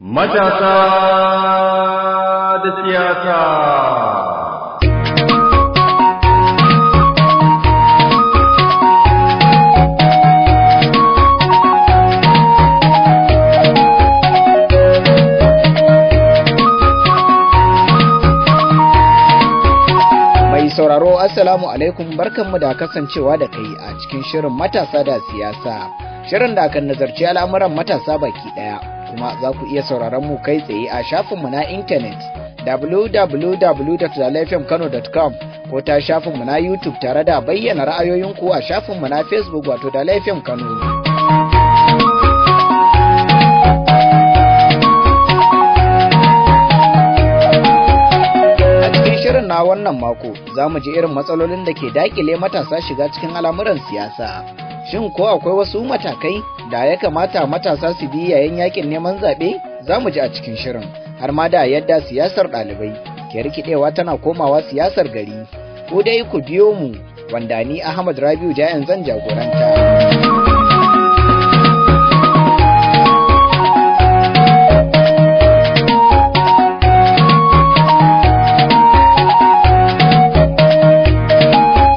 Matasa da siyasa. sauraro assalamu alaikum barkanmu da kasancewa da kai a cikin shirin matasa da siyasa shirin da kan nazarci al'amuran matasa baki ɗaya. kuma za ku iya sauraron mu kai tsaye a shafinmu na intanet www.dalafmkano.com ko ta shafinmu na YouTube tare da bayyana ra'ayoyinku a shafinmu na Facebook wato Dalafm Kano. shirin na wannan mako za mu ji irin matsalolin da ke dakile matasa shiga cikin al'amuran siyasa. Shin ko akwai wasu matakai da ya kamata matasa su bi yayin yakin neman zaɓe za mu ji a cikin shirin har ma da yadda siyasar ɗalibai ke rikidewa tana komawa siyasar gari ku dai ku biyo mu wanda ni ahmad rabiu jayan zan jagoranta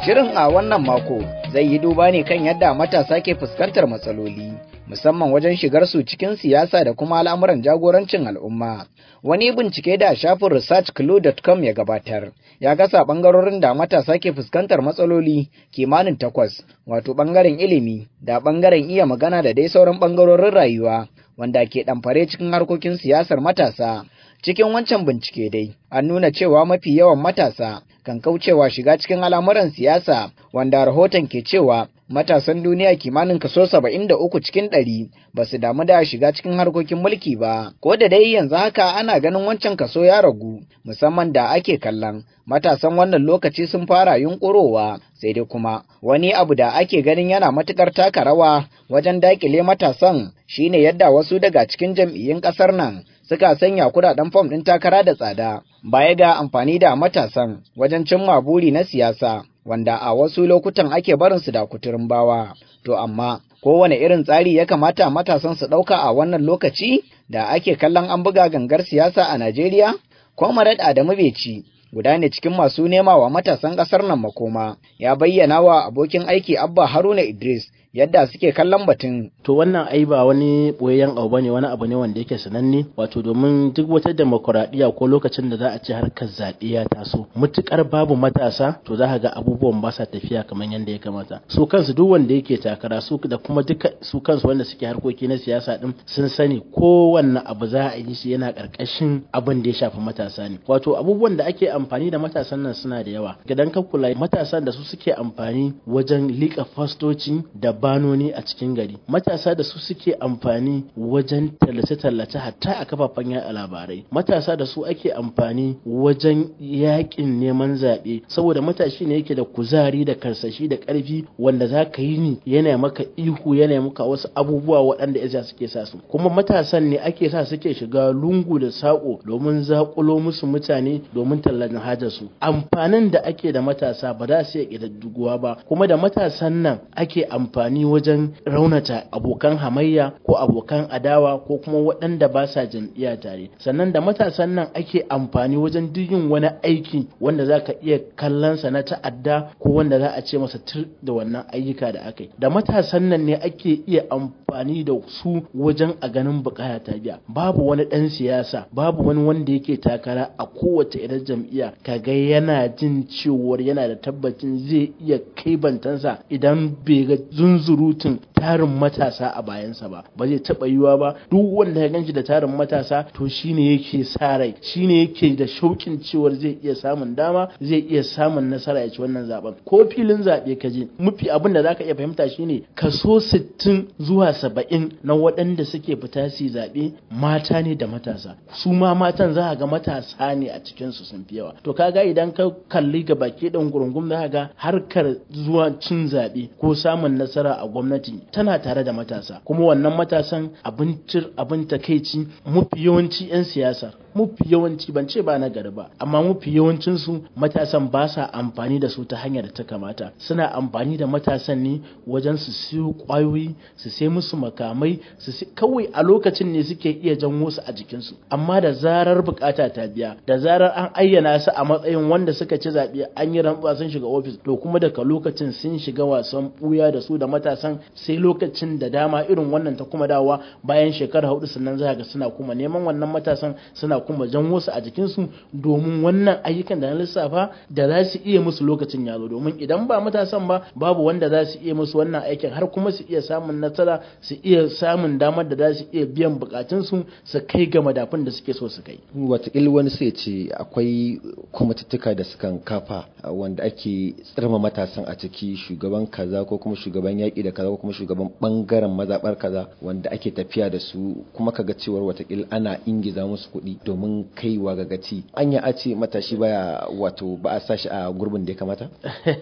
Shirin a wannan mako zai yi duba ne kan yadda matasa ke fuskantar matsaloli, musamman wajen shigar su cikin siyasa da kuma al'amuran jagorancin al'umma. Wani bincike da shafin researchclue.com ya gabatar, ya gasa bangarorin da matasa ke fuskantar matsaloli kimanin takwas, wato bangaren ilimi da bangaren iya magana da dai sauran bangarorin rayuwa, wanda ke ɗamfare cikin harkokin siyasar matasa. Cikin wancan bincike dai, an nuna cewa mafi yawan matasa kan kaucewa shiga cikin al'amuran siyasa wanda rahoton ke cewa matasan duniya kimanin kaso saba'in da uku cikin ɗari ba su damu da shiga cikin harkokin mulki ba ko da dai yanzu haka ana ganin wancan kaso ya ragu musamman da ake kallon matasan wannan lokaci sun fara yunkurowa sai dai kuma wani abu da ake ganin yana matukar taka rawa wajen dakile matasan shine yadda wasu daga cikin jam'iyyun ƙasar nan suka sanya kudaden fom ɗin takara da tsada baya ga amfani da matasan wajen cimma buri na siyasa wanda a wasu lokutan ake barin su da kuturin bawa to amma kowane irin tsari ya kamata matasan su ɗauka a wannan lokaci da ake kallon an buga gangar siyasa a Najeriya Comrade Adamu Beci guda ne cikin masu nema wa matasan ƙasar nan makoma ya bayyana wa abokin aiki Abba Haruna Idris yadda suke kallon batun. To wannan ai ba wani boyayyen abu bane wani abu ne wanda yake sananne wato domin duk wata demokuraɗiyya ko lokacin da za a ce harkar zaɓe ya taso mutukar babu matasa to za ga abubuwan ba sa tafiya kamar yadda ya kamata. Su kansu duk wanda yake takara su da kuma duka su kansu wanda suke harkoki na siyasa din sun sani kowanne abu za a yi shi yana ƙarƙashin abin da ya shafi matasa ne. Wato abubuwan da ake amfani da matasan nan suna da yawa. Gidan ka kula matasan da su suke amfani wajen liƙa fastoci da Banoni a cikin gari matasa da su suke amfani wajen tallace-tallace hatta a kafafen yaɗa labarai matasa da su ake amfani wajen yakin neman zaɓe saboda matashi ne yake da kuzari da karsashi da ƙarfi wanda za ka yi ni yana maka ihu yana maka wasu abubuwa waɗanda ya suke sa su kuma matasan ne ake sa suke shiga lungu da saƙo domin zaƙulo musu mutane domin tallan su amfanin da ake da matasa ba za su iya ƙidadduguwa ba kuma da matasan nan ake amfani amfani wajen raunata abokan hamayya ko abokan adawa ko kuma waɗanda ba sa jam'iyya tare sannan da matasan nan ake amfani wajen duk yin wani aiki wanda za ka iya kallonsa na ta'adda ko wanda za a ce masa tur da wannan ayyuka da aka yi da matasan nan ne ake iya amfani da su wajen a ganin bukata ta biya babu wani ɗan siyasa babu wani wanda yake takara a kowace irin jam'iyya Ka ga yana jin cewar yana da tabbacin zai iya kai bantansa idan bai ga zunzu zurutun tarin matasa a bayansa ba ba zai taɓa yiwa ba duk wanda ya ganshi da tarin matasa to shine yake sa rai shine yake da shaukin cewar zai iya samun dama zai iya samun nasara ya ci wannan zaben ko filin zaɓe ka je mafi abin da zaka iya fahimta shine kaso 60 zuwa 70 na waɗanda suke fita su zaɓe mata ne da matasa su ma matan za ga matasa ne a cikin su sun fi yawa to kaga idan ka kalli ga baki ɗan gurungum za ga harkar zuwa cin zaɓe ko samun nasara shawara a gwamnati tana tare da matasa kuma wannan matasan abin takaici mafi yawanci 'yan siyasar mafi yawanci ban ce ba nagari ba amma mafi yawancin su matasan ba sa amfani da su ta hanyar da ta kamata suna amfani da matasan ne wajen su siyo kwayoyi su sai musu makamai su kawai a lokacin ne suke iya janwo su a jikinsu amma da zarar bukata ta biya da zarar an ayyana su a matsayin wanda suka ci zaɓe an yi rantsuwa sun shiga ofis to kuma daga lokacin sun shiga wasan buya da su da matasan sai lokacin da dama irin wannan ta kuma dawa bayan shekara hudu sannan za ga suna kuma neman wannan matasan suna kuma jan wasu a jikinsu domin wannan ayyukan da na lissafa da za su iya musu lokacin ya domin idan ba matasan ba babu wanda za su iya musu wannan aikin har kuma su iya samun nasara su iya samun damar da za su iya biyan bukatunsu su kai ga madafin da suke so su kai. Wataƙil wani sai ce akwai kwamitattuka da sukan kafa wanda ake tsirma matasan a ciki shugaban kaza ko kuma shugaban yaƙi da kaza ko kuma shugaban ɓangaren mazaɓar kaza wanda ake tafiya da su kuma ga cewar watakil ana ingiza musu kuɗi domin kaiwa ga gaci anya a ce matashi baya wato ba a sashi a gurbin da ya kamata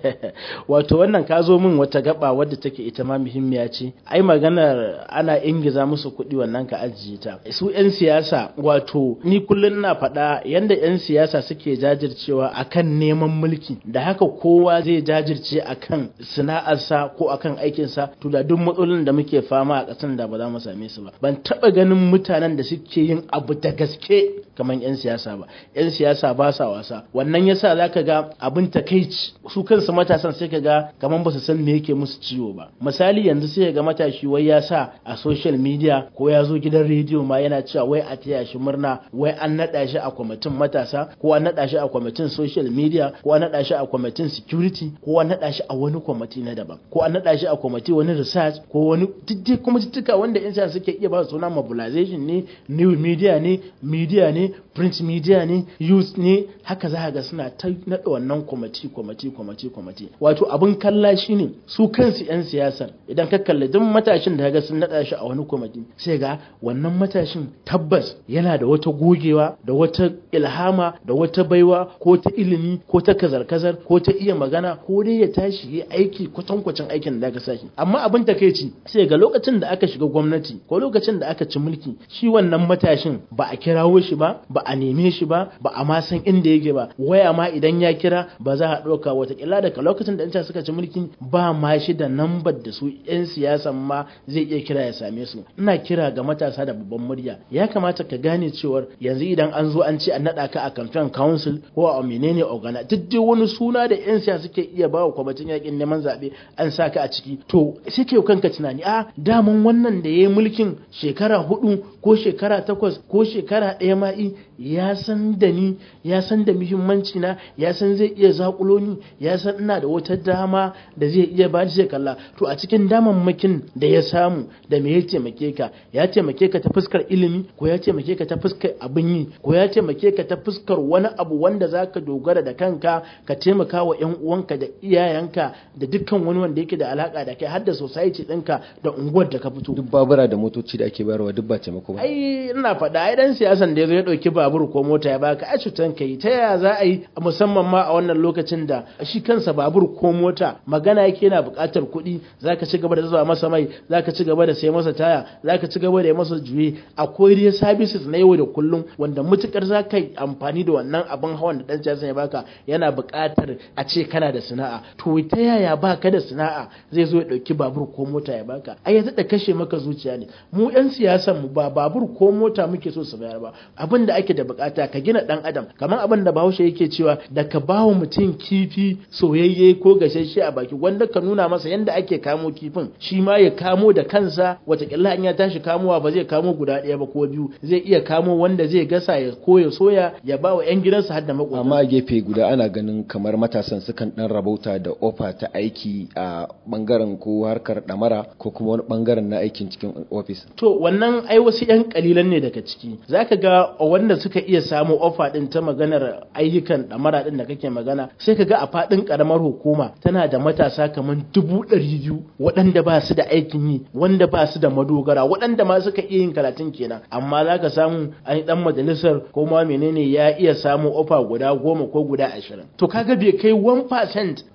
wato wannan ka zo min wata gaba wadda take ita ma muhimmiya ce ai maganar ana ingiza musu kuɗi wannan ka ajiye ta su yan siyasa wato ni kullun na faɗa yanda yan siyasa suke jajircewa akan neman mulki da haka kowa zai jajirce akan sana'arsa ko akan aikinsa to da duk matsalolin da muke fama a ƙasar da ba za mu same su ba ban taɓa ganin mutanen da suke yin abu da gaske kamar 'yan siyasa ba 'yan siyasa ba sa wasa wannan yasa za ka ga abin ta takaici su kansu matasan sai ka ga kamar ba su san me yake musu ciwo ba misali yanzu sai ga matashi wai ya sa a social media ko ya zo gidan rediyo ma yana cewa wai a taya shi murna wai an naɗa shi a kwamitin matasa ko an naɗa shi a kwamitin social media ko an naɗa shi a kwamitin security ko an naɗa shi a wani kwamiti na daban ko an naɗa shi a kwamiti wani research ko wani duk kuma wanda 'yan siyasa suke iya ba su suna mobilization ne new media ne media année print media ne youth ne haka za ga suna ta naɗa wannan kwamati kwamati kwamati kwamati wato abin kalla shine su kansu yan siyasar idan ka kalli duk matashin da ga sun naɗa shi a wani kwamati sai ga wannan matashin tabbas yana da wata gogewa da wata ilhama da wata baiwa ko ta ilimi ko ta kazar-kazar ko ta iya magana ko dai ya tashi ya aiki kwatankwacin aikin da aka sashi amma abin takaici sai ga lokacin da aka shiga gwamnati ko lokacin da aka ci mulki shi wannan matashin ba a kirawo shi ba ba ba a neme shi ba ba a ma san inda yake ba waya ma idan ya kira ba za a ɗauka watakila daga lokacin da 'yan suka ci mulkin ba ma shi da nambar da su 'yan siyasan ma zai iya kira ya same su ina kira ga matasa da babban murya ya kamata ka gane cewar yanzu idan an zo an ce an naɗa ka a campaign council ko a menene ogana duk dai wani suna da 'yan siyasa suke iya ba wa kwamitin yakin neman zaɓe an sa ka a ciki to sai ke kanka tunani a ah, daman wannan da ya yi mulkin shekara hudu ko shekara takwas ko shekara ɗaya ma'i ya san da ni ya san da muhimmanci na ya san zai iya zakulo ni ya san ina da wata dama da zai iya ba zai kalla to a cikin damammakin da ya samu da me ya taimake ka ya taimake ka ta fuskar ilimi ko ya taimake ka ta fuskar abin yi ko ya taimake ka ta fuskar wani abu wanda zaka dogara da kanka ka taimaka wa yan uwanka da iyayenka da dukkan wani wanda yake da alaka da kai har da society ɗinka da unguwar da ka fito duk babura da motoci da ake bayarwa duk ba taimako ba ai ina faɗa ai dan siyasan da ya zo ya ɗauki ba babur ko mota ya baka a cutan kai ta yaya za a yi musamman ma a wannan lokacin da shi kansa babur ko mota magana yake yana buƙatar kuɗi zaka ci gaba da zuwa masa mai zaka ci gaba da sai masa taya zaka ci gaba da yi masa juye akwai dai services na yau da kullum wanda mutukar zaka yi amfani da wannan abin hawan da dan jasan ya baka yana buƙatar a ce kana da sana'a to ta yaya baka da sana'a zai zo ya ɗauki babur ko mota ya baka ai ya daɗa kashe maka zuciya ne mu 'yan siyasan mu ba babur ko mota muke so su bayar ba abin da ake ake da bukata ka gina dan adam kamar abin da bahaushe yake cewa da ka ba wa mutum kifi soyayye ko gasasshe a baki wanda ka nuna masa yadda ake kamo kifin shi ma ya kamo da kansa watakila in ya tashi kamowa ba zai kamo guda ɗaya ba ko biyu zai iya kamo wanda zai gasa ya ko ya soya ya ba wa 'yan gidansa har da maƙwabta amma gefe guda ana ganin kamar matasan sukan dan rabauta da ofa ta aiki a bangaren ko harkar ɗamara ko kuma wani bangaren na aikin cikin ofis to wannan ai wasu 'yan kalilan ne daga ciki zaka ga wanda suka iya samu ofa din ta maganar ayyukan damara din da kake magana sai ka ga a fadin karamar hukuma tana da matasa kamar dubu ɗari biyu waɗanda ba su da aikin yi wanda ba su da madogara waɗanda ma suka iya yin karatun kenan amma za ka samu an ɗan majalisar ko ma menene ya iya samu ofa guda goma ko guda ashirin to kaga bai kai 1%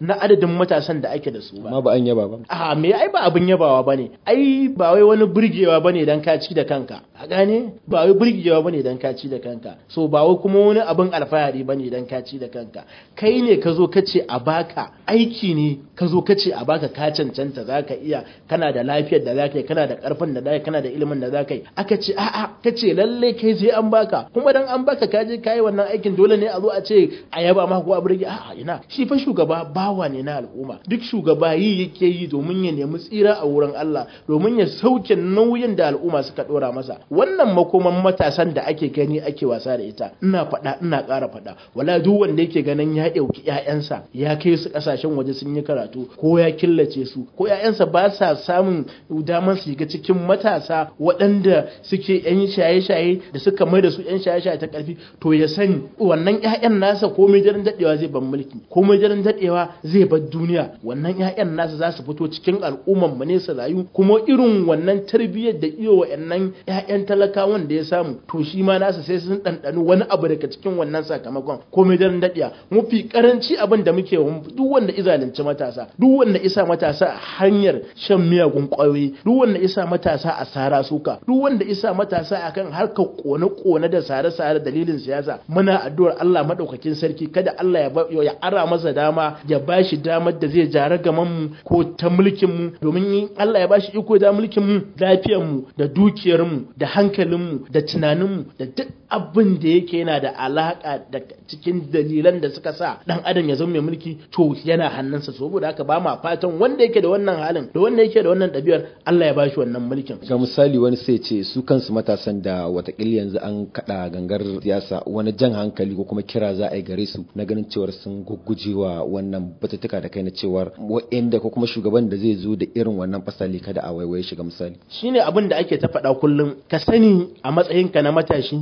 na adadin matasan da ake da su ba. Amma ba an yaba ba. A me ai ba abin yabawa ba ne ai ba wai wani burgewa ba ne dan ka ci da kanka a gane ba wai burgewa ba ne dan ka ci da kanka. kanka so ba wai kuma wani abin alfahari bane don ka ci da kanka kai ne ka zo ka ce a baka aiki ne ka zo ka ce a baka ka cancanta ka iya kana da lafiyar da za ka yi kana da karfin da za ka kana da ilimin da ka yi aka ce a'a ka ce lalle kai sai an baka kuma dan an baka ka je yi wannan aikin dole ne a zo a ce a yaba maka ko a burge a'a ina shi fa shugaba bawa ne na al'umma duk shugaba yi yake yi domin ya nemi tsira a wurin Allah domin ya sauke nauyin da al'umma suka dora masa wannan makoman matasan da ake gani ake yake wasa da ita ina faɗa ina ƙara faɗa wala duk wanda yake ganin ya ɗauki ƴaƴansa ya kai su kasashen waje sun yi karatu ko ya killace su ko ƴaƴansa ba sa samun damar su shiga cikin matasa waɗanda suke ƴan shaye-shaye da suka mai da su ƴan shaye-shaye ta ƙarfi to ya sani wannan ƴaƴan nasa ko mai jaran daɗewa zai bar mulki ko mai jaran daɗewa zai bar duniya wannan ƴaƴan nasa za su fito cikin al'umman mu ne su rayu kuma irin wannan tarbiyyar da iyo wa'annan ƴaƴan talakawan da ya samu to shi ma nasa sai sun sun ɗanɗano wani abu daga cikin wannan sakamakon komai daren daɗiya mafi karanci abin da muke duk wanda izalinci matasa duk wanda isa matasa a hanyar shan miyagun ƙwayoyi duk wanda isa matasa a sara suka duk wanda isa matasa a kan harkar kone-kone da sare-sare dalilin siyasa muna addu'ar Allah maɗaukakin sarki kada Allah ya ara masa dama ya ba shi damar da zai jara gaman mu ko ta mulkin mu domin Allah ya ba shi iko da mulkin mu lafiyar mu da dukiyar mu da hankalin mu da tunanin mu da duk abin da yake yana da alaka da cikin dalilan da suka sa dan adam ya zama mai mulki to yana hannunsa saboda haka ba ma fatan wanda yake da wannan halin da wanda yake da wannan ɗabi'ar Allah ya bashi wannan mulkin ga misali wani sai ce su kansu matasan da watakil yanzu an kada gangar siyasa wani jan hankali ko kuma kira za a yi gare su na ganin cewar sun gugujewa wannan batutuka da kai na cewar wa'inda ko kuma shugaban da zai zo da irin wannan fasali kada a waiwaye shi ga misali shine abin da ake ta faɗa kullum ka sani a matsayinka na matashi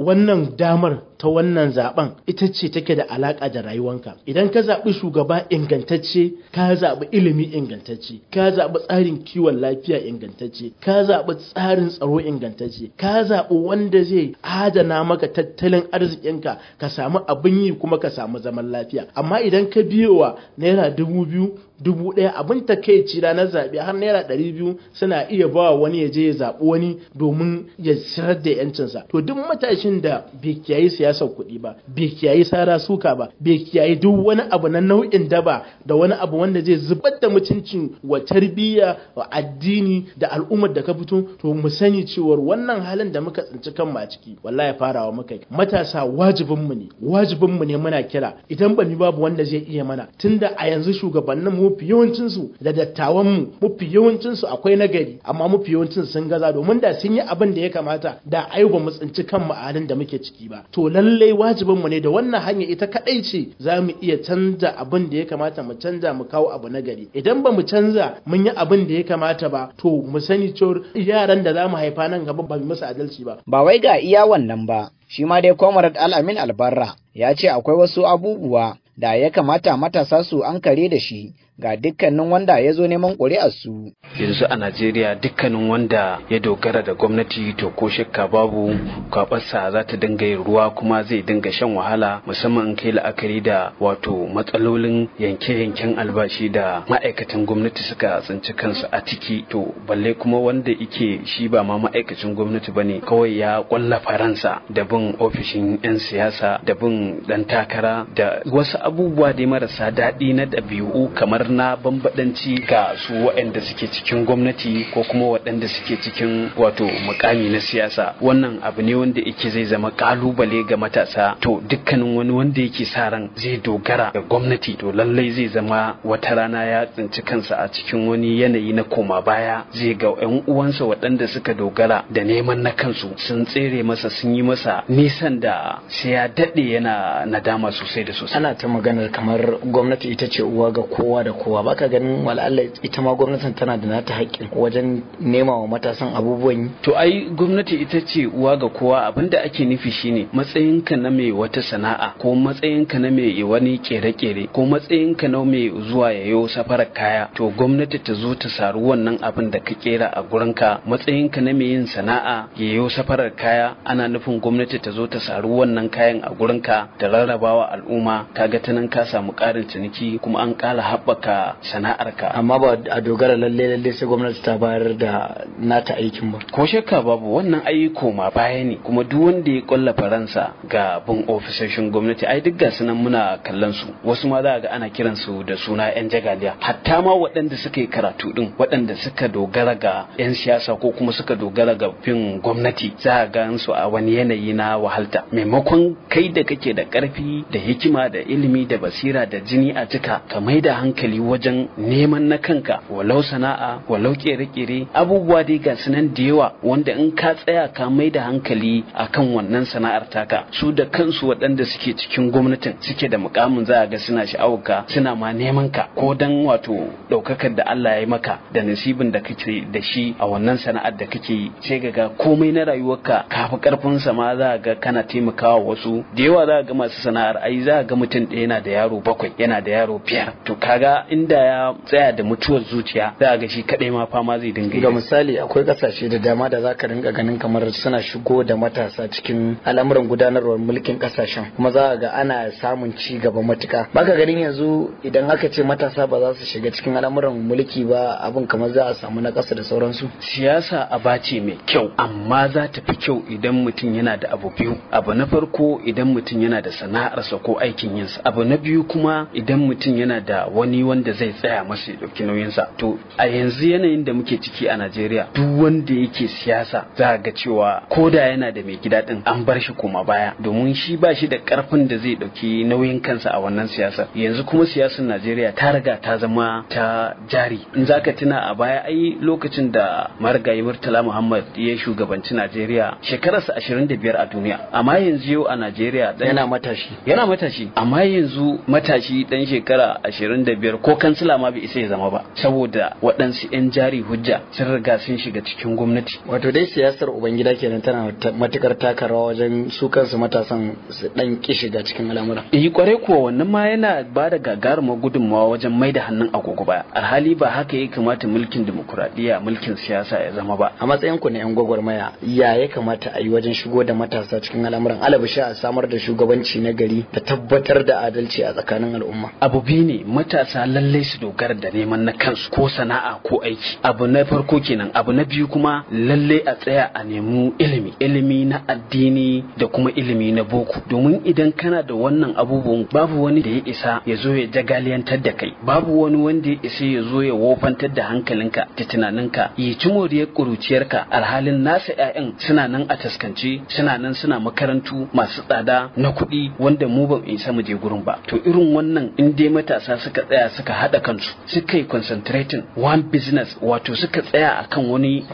wannan damar ta wannan zaben ita ce take da alaƙa da rayuwanka idan ka zaɓi shugaba ingantacce ka zaɓi ilimi ingantacce ka zaɓi tsarin kiwon lafiya ingantacce ka zaɓi tsarin tsaro ingantacce ka zaɓi wanda zai adana maka tattalin arzikinka ka samu abin yi kuma ka samu zaman lafiya amma idan ka biyowa naira dubu biyu dubu ɗaya abin ta takaici ranar zaɓe har naira ɗari biyu suna iya ba wa wani ya je ya zaɓi wani domin ya sirar da yancinsa to duk matashin da bai kiyayi siyasar kuɗi ba bai kiyayi sara suka ba bai kiyayi duk wani abu na nau'in daba da wani abu wanda zai zubar da mutuncin wa tarbiyya wa addini da al'ummar da ka fito to mu sani cewar wannan halin da muka tsinci kanmu a ciki wallahi farawa muka yi matasa wajibinmu ne Wajibinmu ne muna kira idan ba mu babu wanda zai iya mana tunda a yanzu shugabannin mu mafi yawancinsu da dattawanmu mafi yawancinsu akwai nagari amma mafi yawancin sun gaza domin da sun yi abin da ya kamata da ai ba mu tsinci kanmu a halin da muke ciki ba to lallai wajibinmu ne da wannan hanya ita kadai ce za mu iya canza abin da ya kamata mu canza mu kawo abu nagari idan ba mu canza mun yi abin da ya kamata ba to mu sani cewar yaran da za mu haifa nan gaba ba musu adalci ba ba wai ga iya wannan ba shi ma dai Comrade Al-Amin Albarra ya ce akwai wasu abubuwa da ya kamata matasa su an kare da shi ga dukkanin wanda ya zo neman su yanzu a najeriya dukkanin wanda ya dogara da gwamnati to ko shakka babu kwabarsa za ta dinga yin ruwa kuma zai dinga shan wahala musamman in kai la'akari da wato matsalolin yanke-yanken albashi da ma'aikatan gwamnati suka tsinci kansu a ciki to balle kuma wanda ike shi ba ma ma'aikacin gwamnati ba ne kawai ya kwallafa ransa da bin ofishin 'yan siyasa da bin ɗan takara da wasu abubuwa da marasa daɗi na ɗabi'u kamar na bambadanci ga su waɗanda suke cikin gwamnati ko kuma waɗanda suke cikin wato mukami na siyasa wannan abu ne wanda yake zai zama kalubale ga matasa to dukkanin wani wanda yake sa ran zai dogara ga gwamnati to lallai zai zama wata rana ya tsinci kansa a cikin wani yanayi na koma baya zai ga ƴan uwansa waɗanda suka dogara da neman na kansu sun tsere masa sun yi masa nisan da sai ya daɗe yana nadama sosai da sosai maganar kamar gwamnati ita ce uwa ga kowa da kowa baka ganin wala'alla ita ma gwamnatin tana da nata haƙƙin wajen nema wa matasan abubuwan yi to ai gwamnati ita ce uwa ga kowa abinda ake nufi shine matsayinka na mai wata sana'a ko matsayinka na mai wani kere-kere ko matsayinka na mai zuwa yayo safarar kaya to gwamnati ta zo ta saru wannan abin da ka kera a gurinka matsayinka na mai yin sana'a yayo safarar kaya ana nufin gwamnati ta zo ta saru wannan kayan a gurin ka da rarrabawa al'umma kaga ta nan ka samu karin ciniki kuma an ƙara haɓaka sana'arka amma ba a dogara lalle lalle sai gwamnati ta bayar da nata aikin ba ko shakka babu wannan aiko ma baya ne kuma duk wanda ya kwalla faransa ga bin ofisoshin gwamnati ai duk gasu nan muna kallon su wasu ma za ga ana kiran su da suna yan jagaliya hatta ma waɗanda suka yi karatu din waɗanda suka dogara ga yan siyasa ko kuma suka dogara ga bin gwamnati za a gan su a wani yanayi na wahalta maimakon kai da kake da ƙarfi da hikima da ilimi ilimi da basira da jini a jika ka mai da hankali wajen neman na kanka walau sana'a walau kere-kere abubuwa dai ga sunan da yawa wanda in ka tsaya ka mai da hankali a kan wannan sana'ar taka su da kansu waɗanda suke cikin gwamnatin suke da mukamin za a ga suna sha'awarka suna ma neman ka ko dan wato ɗaukakar da Allah ya yi maka da nasibin da kake da shi a wannan sana'ar da kake yi sai ga ga komai na rayuwarka kafi karfin sa ma za ga kana taimakawa wasu da yawa za a ga masu sana'ar ai za a ga mutum ɗaya yana da yaro bakwai yana da yaro biyar to kaga inda ya tsaya da mutuwar zuciya za a ga shi kaɗai ma fama zai dinga ga misali akwai kasashe da dama da zaka rinka ganin kamar suna shigo da matasa cikin al'amuran gudanarwar mulkin kasashen kuma za ga ana samun ci gaba matuka baka ganin yanzu idan aka ce matasa ba za su shiga cikin al'amuran mulki ba abin kamar za a samu na kasa da sauransu siyasa a bace mai kyau amma za ta fi kyau idan mutum yana da abu biyu abu na farko idan mutum yana da sana'arsa ko aikin yinsa abu na biyu kuma idan mutum yana da wani wanda zai tsaya masa ya ɗauki nauyinsa to a yanzu yanayin da muke ciki a najeriya duk wanda yake siyasa za ga cewa ko da yana da mai gida ɗin an bar shi kuma baya domin shi ba shi da ƙarfin da zai ɗauki nauyin kansa a wannan siyasar yanzu kuma siyasar najeriya ta riga ta zama ta jari in za ka tuna a baya ai lokacin da marigayi murtala muhammad ya shugabanci najeriya shekararsa ashirin da biyar a duniya amma yanzu yau a najeriya yana matashi yana matashi amma yanzu matashi dan shekara 25 ko kansila ma bai isa ya zama ba saboda waɗansu 'yan jari hujja sun riga sun shiga cikin gwamnati wato dai siyasar ubangida kenan tana matukar rawa wajen su kansu matasan su dan ki shiga cikin al'amura eh kware kuwa wannan ma yana ba da gagarumar gudunmawa wajen mai da hannun agogo baya alhali ba haka ya kamata mulkin demokuraɗiyya mulkin siyasa ya zama ba a matsayin ku na 'yan gwagwarmaya ya ya kamata a yi wajen shigo da matasa cikin al'amuran alabisha a samar da shugabanci na gari da tabbatar da adalci a tsakanin al'umma abu biyu ne matasa lallai su dogara da neman na kansu ko sana'a ko aiki abu na farko kenan abu na biyu kuma lallai a tsaya a nemi ilimi ilimi na addini da kuma ilimi na boko domin idan kana da wannan abubuwan babu wani da ya isa ya zo ya jagaliyantar da kai babu wani wanda ya isa ya zo ya wofantar da hankalinka da tunaninka yi ci moriyar ƙuruciyarka alhalin nasa 'ya'yan suna nan a taskance suna nan suna makarantu masu tsada na kuɗi wanda mu ba mu isa mu je gurin ba to irin wannan in dai matasa suka tsaya suka hada kansu suka yi concentrating one business wato suka tsaya akan wani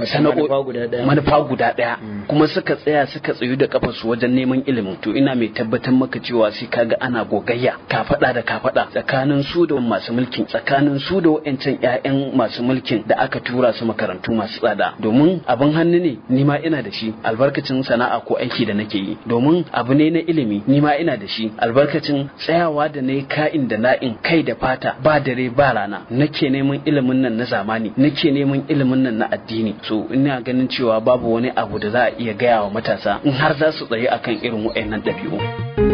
manufa guda daya mm. kuma suka tsaya suka tsayu da kafarsu wajen neman ilimi to ina mai tabbatar maka cewa sai kaga ana gogayya fada da fada tsakanin su da masu mulkin tsakanin su da wa'ancan ƴaƴan masu mulkin da aka tura su makarantu masu tsada domin abin hannu ne ni ma ina da shi albarkacin sana'a ko aiki da nake yi domin abu ne na ilimi ni ma ina da shi albarkacin tsaya tsayawa da na yi ka'in da na'in kai da fata ba dare ba rana nake neman ilimin nan na zamani nake neman ilimin nan na addini so ina ganin cewa babu wani abu da za a iya gaya wa matasa in har za su tsaye akan irin wa'annan ɗabi'u.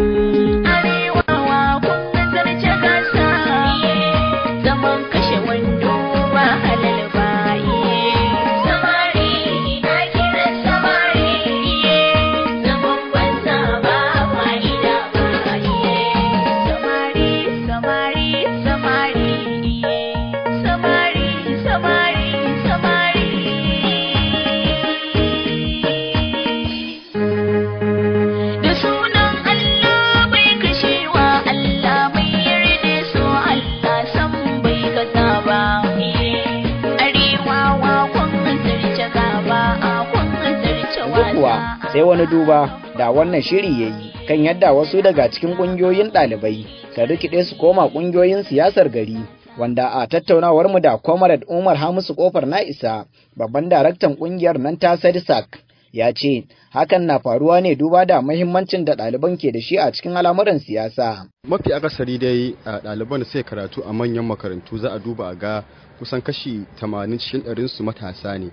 sai wani duba da wannan shiri ya yi kan yadda wasu daga cikin ƙungiyoyin ɗalibai ta rikide su koma ƙungiyoyin siyasar gari wanda a tattaunawar mu da comrade umar hamisu kofar na isa babban daraktan ƙungiyar nan ta sadisak ya ce hakan na faruwa ne duba da mahimmancin da ɗaliban ke da shi a cikin al'amuran siyasa. Mafi akasari dai a ɗaliban da sai karatu a manyan makarantu za a duba a ga kusan kashi 80 cikin ɗarin su matasa ne.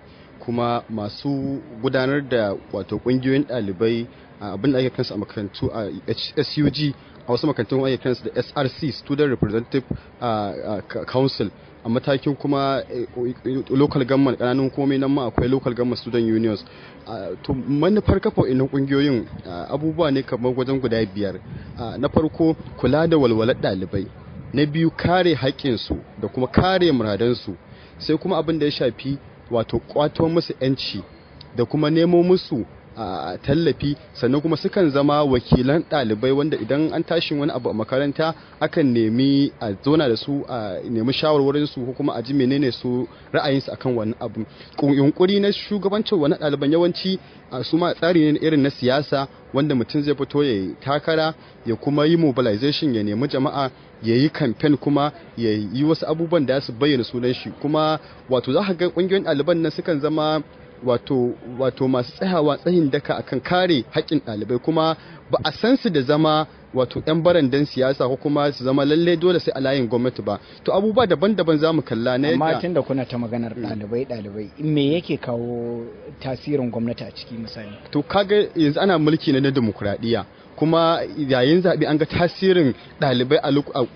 kuma masu gudanar da wato kungiyoyin ɗalibai abin da ake kansu a makarantu a SUG a wasu makarantun ake kansu da SRC Student Representative Council a matakin kuma e, local government kananun komai nan ma akwai local government student unions to manufar kafa inan kungiyoyin abubuwa ne kamar wajen guda biyar na farko kula da walwalar ɗalibai na biyu kare haƙƙinsu da kuma kare muradansu sai kuma abin da ya shafi wato kwato musu 'yanci da kuma nemo musu A tallafi sannan kuma sukan zama wakilan ɗalibai wanda idan an tashi wani abu a makaranta akan nemi a zona da su a nemi shawarwarin su ko kuma a ji menene su ra'ayinsu akan wani abu yunkuri na shugabancin wani ɗaliban yawanci su ma tsari ne irin na siyasa wanda mutum zai fito ya takara ya kuma yi mobilization ya nemi jama'a ya yi kamfen kuma ya yi wasu abubuwan da su bayyana sunan shi kuma wato za ka ga ƙungiyoyin ɗaliban nan sukan zama wato wato masu tsayawa tsayin daka akan kare haƙƙin ɗalibai kuma ba a san su da zama wato 'yan barandan siyasa ko kuma su zama lalle dole sai a layin gwamnati ba to abubuwa daban-daban za mu kalla na yadda amma da kuna ta maganar mm. ɗalibai ɗalibai me yake kawo tasirin gwamnati a ciki misali to kaga yanzu ana mulki na na dimokuraɗiyya kuma yayin zaɓe an ga tasirin ɗalibai a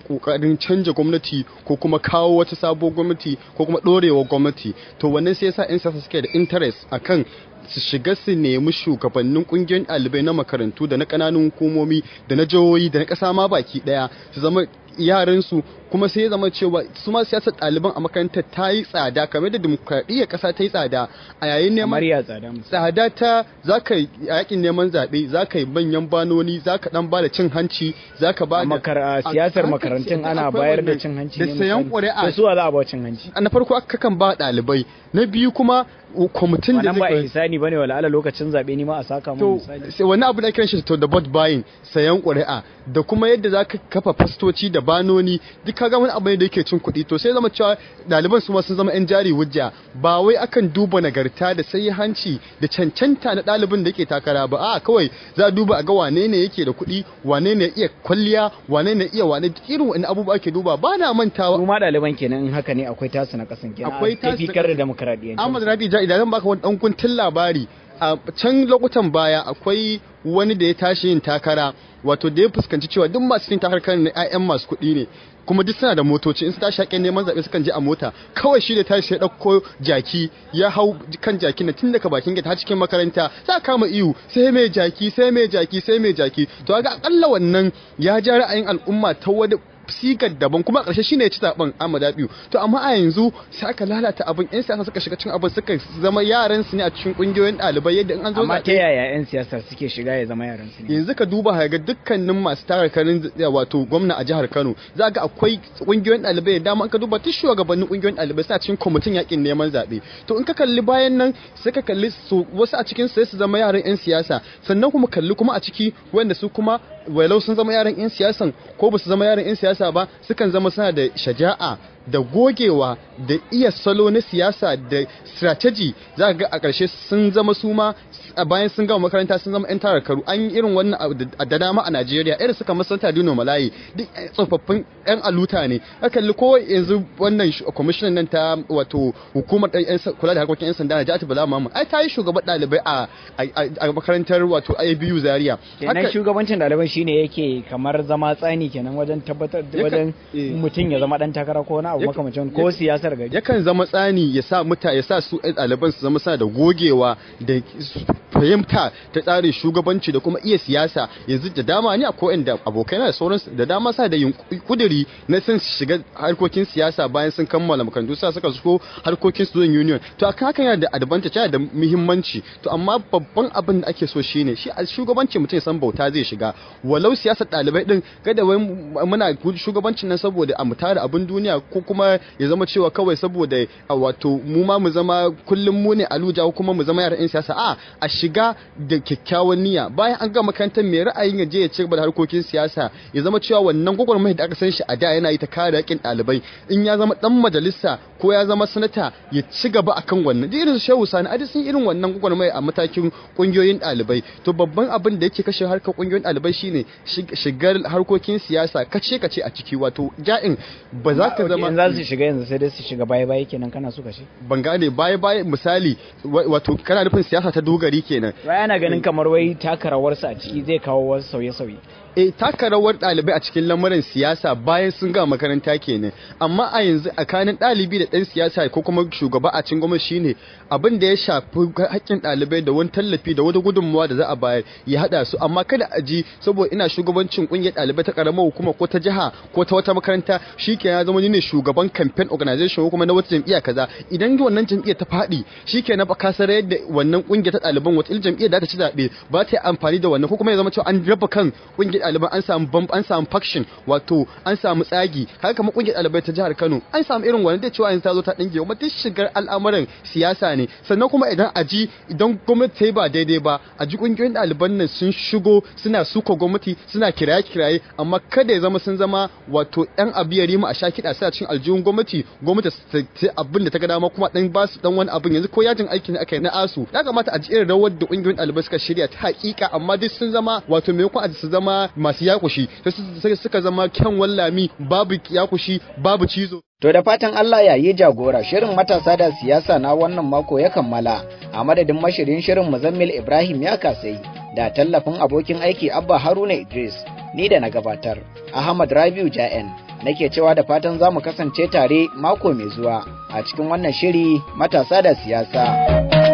ƙoƙarin canja gwamnati ko kuma kawo wata sabuwar gwamnati ko kuma ɗorewa gwamnati to wannan sai yasa 'yan siyasa suke da interest akan su shiga su nemi shugabannin ƙungiyar ɗalibai na makarantu da na ƙananan hukumomi da na jihohi da na ƙasa ma baki ɗaya su zama yaransu kuma sai ya zama cewa su ma siyasar ɗaliban a makaranta ta yi tsada kamar da demokradiyyar ƙasa ta yi tsada a yayin neman tsada ta za ka yi yakin neman zaɓe za ka yi manyan banoni za ka ɗan ba da cin hanci za ka ba da siyasar makarantun ana bayar da cin hanci da sayan ƙuri'a da suwa za a ba cin hanci na farko aka kan ba ɗalibai na biyu kuma kwamitin da ba ba bane wala ala lokacin zaɓe ni ma a saka mu misali wani abu da kiran shi to the bot buying sayan ƙuri'a da kuma yadda za ka kafa fastoci da banoni duka ga wani abu ne da yake cin kuɗi to sai zama cewa ɗaliban su ma sun zama yan jari wujja ba wai akan duba nagarta da sai hanci da cancanta na ɗalibin da yake takara ba a kawai za a duba a ga wane ne yake da kuɗi wane ne iya kwalliya wane ne iya wane irin wani abubuwa ake duba ba na mantawa kuma ɗaliban kenan in haka ne akwai tasu na kasan kenan akwai tasu na demokradiyya amma da rabi ja idan baka wani ɗan guntun labari a can lokutan baya akwai wani da ya tashi yin takara wato da ya fuskanci cewa duk masu yin takara ne 'ya'yan masu kuɗi ne kuma duk suna da motoci in su tashi haƙin neman zaɓe sukan je a mota kawai shi da tashi ya ɗauko jaki ya hau kan jaki na tun daga bakin gate har cikin makaranta za kama iyu sai mai jaki sai mai jaki sai mai jaki to ga akalla wannan ya ja ra'ayin al'umma ta wani sigar daban kuma a ƙarshe ne ya ci zaben Ahmad biyu to amma a yanzu sai aka lalata abin yan siyasa suka shiga cikin abin suka zama yaran su ne a cikin kungiyoyin ɗalibai yadda in an zo amma ta yaya yan siyasa suke shiga ya zama yaran su ne yanzu ka duba ga dukkanin masu tara karin wato gwamna a jihar Kano za ga akwai kungiyoyin ɗalibai da an ka duba tun shugabannin kungiyoyin ɗalibai suna cikin kwamitin yakin neman zaɓe to in ka kalli bayan nan sai ka kalli su wasu a cikin su zama yaran yan siyasa sannan kuma kalli kuma a ciki wanda su kuma walau sun zama yaran 'yan siyasan ko ba su zama yaran 'yan siyasa ba sukan zama suna da shaja'a da gogewa da iya salo na siyasa da strategy za ga a ƙarshe sun zama su ma bayan sun gama makaranta sun zama 'yan tarakaru an yi irin wannan a da dama a Najeriya irin suka masanta Dino Malayi duk tsofaffin 'yan aluta ne a kalli ko yanzu wannan kwamishinan nan ta wato hukumar kula da harkokin 'yan sanda na Jati Bala Mamu ai ta yi shugaban ɗalibai a makarantar wato IABU Zaria kenan shugabancin ɗalibai shine yake kamar zama tsani kenan wajen tabbatar wajen eh. mutum ya zama ɗan takara ko na abu ko siyasar gari yakan zama tsani ya sa muta ya sa su ɗaliban su zama sa da gogewa da fahimta ta tsarin shugabanci da kuma iya siyasa yanzu da dama ne a ko'in da abokai na da da dama sa da kuduri na sun shiga harkokin siyasa bayan sun kammala makarantu sa suka zuko harkokin student union to akan hakan yana da advantage yana da muhimmanci to amma babban abin da ake so shine shi a shugabancin mutum san bauta zai shiga walau siyasar ɗalibai din kada wai muna shugabancin nan saboda a mutare abin duniya ko kuma ya zama cewa kawai saboda wato mu ma mu zama kullum mu ne aluja ko kuma mu zama yaran 'yan siyasa a a shiga da kyakkyawan niyya bayan an ga makarantar mai ra'ayin ya je ya ci gaba da harkokin siyasa ya zama cewa wannan gwagwarmayar da aka san shi a da yana yi ta kare haƙƙin ɗalibai in ya zama ɗan majalisa ko ya zama sanata ya ci gaba akan wannan da irin shehu sani a sun irin wannan gwagwarmayar a matakin ƙungiyoyin ɗalibai to babban abin da yake kashe harkar ƙungiyoyin ɗalibai shine shigar harkokin siyasa kace kace a ciki wato ja'in ba za ka zama in za su shiga yanzu sai dai su shiga baya baya kenan kana suka shi ban gane baya baya misali wato kana nufin siyasa ta dogari kenan wai ana ganin kamar wai taka sa a ciki zai kawo wasu sauye sauye eh taka rawar ɗalibai a cikin lamarin siyasa bayan sun ga makaranta kenan amma a yanzu a kanin ɗalibi da ɗan siyasa ko kuma shugaba a cikin gwamnati shine abin da ya shafi haƙƙin ɗalibai da wani tallafi da wata gudunmawa da za a bayar ya haɗa su amma kada a ji saboda ina shugabancin ƙungiyar ɗalibai ta ƙaramar hukuma ko ta jiha ko ta wata makaranta ke ya zama ne shugaban campaign organization ko kuma na wata jam'iyya kaza idan wannan jam'iyyar ta faɗi na ba kasar yadda wannan ƙungiyar ta ɗaliban wata jam'iyyar da ta ci zaɓe ba ta yi amfani da wannan ko kuma ya zama cewa an raba kan ƙungiyar ɗaliban an samu bam an samu faction wato an samu tsagi haka kuma kungiyar ɗalibai ta jihar Kano an samu irin wannan da cewa yanzu ta zo ta dinge kuma duk shigar al'amuran siyasa ne sannan kuma idan a ji idan gwamnati ta yi ba daidai ba a ji kungiyoyin ɗaliban nan sun shigo suna suka gwamnati suna kiraye kiraye amma kada ya zama sun zama wato ɗan abiyar rima a sha kiɗa suna cikin aljihun gwamnati gwamnati ta abin da ta ga dama kuma ɗan ba su ɗan wani abin yanzu ko yajin aiki ne aka yi na asu ya kamata a ji irin rawar da kungiyoyin ɗalibai suka shirya ta hakika amma duk sun zama wato maimakon a ji su zama masu yakushi sai suka zama kyan wallami babu yakushi babu cizo To da fatan Allah ya yi jagora shirin matasa da siyasa na wannan mako ya kammala a madadin mashirin shirin Muzammil Ibrahim ya kasai da tallafin abokin aiki Abba Haruna Idris ni da na gabatar Ahmad Rabiu Ja'en nake cewa da fatan za mu kasance tare mako mai zuwa a cikin wannan shiri matasa da siyasa.